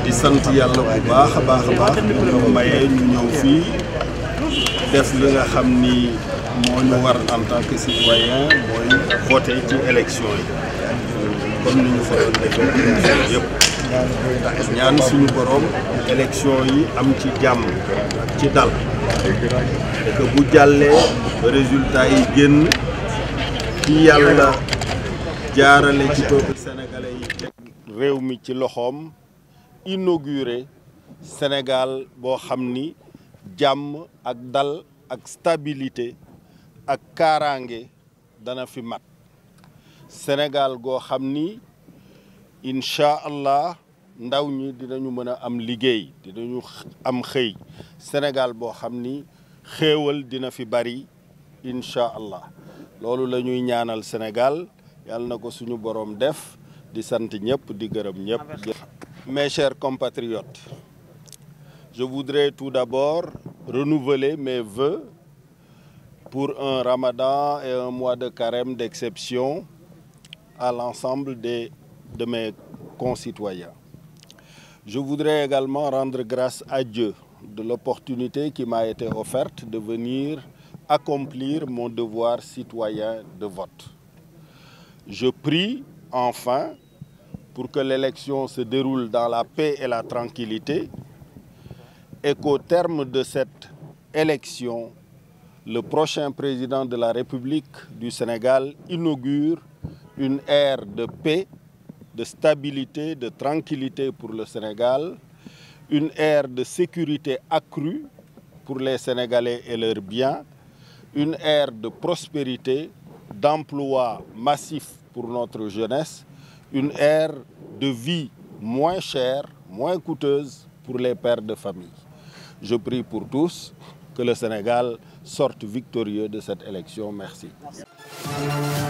di sant yàlla bu baax a baax a ñu mayee ñu ñëw fii def li nga xam ni moo ñu war en tant que citoyen mooy voté ci élection yi comme ñaan suñu boroom élection yi am ci jàmm ci dal et bu jàllee résultat yi génn ci yàlla jaarale ci peuple réew mi ci loxoom inauguré Sénégal boo xam ni jàmm ak dal ak stabilité ak kaaraange dana fi mat Sénégal goo xam ni incha allah ndaw ñi dinañu mën a am liggéey dinañu am xëy Sénégal boo xam ni xéewal dina fi bari incha allah loolu lañuy ñaanal Sénégal yàlla na ko suñu boroom def di sant ñëpp di gërëm ñëpp. Mes chers compatriotes, je voudrais tout d'abord renouveler mes vœux pour un ramadan et un mois de carême d'exception à l'ensemble de mes concitoyens. Je voudrais également rendre grâce à Dieu de l'opportunité qui m'a été offerte de venir accomplir mon devoir citoyen de vote. Je prie enfin pour que l'élection se déroule dans la paix et la tranquillité et qu'au terme de cette élection, le prochain président de la République du Sénégal inaugure une aire de paix, de stabilité, de tranquillité pour le Sénégal, une aire de sécurité accrue pour les Sénégalais et leurs biens, une aire de prospérité, d'emploi massif pour notre jeunesse une ère de vie moins chère, moins coûteuse pour les pères de famille. Je prie pour tous que le Sénégal sorte victorieux de cette élection. Merci. Merci.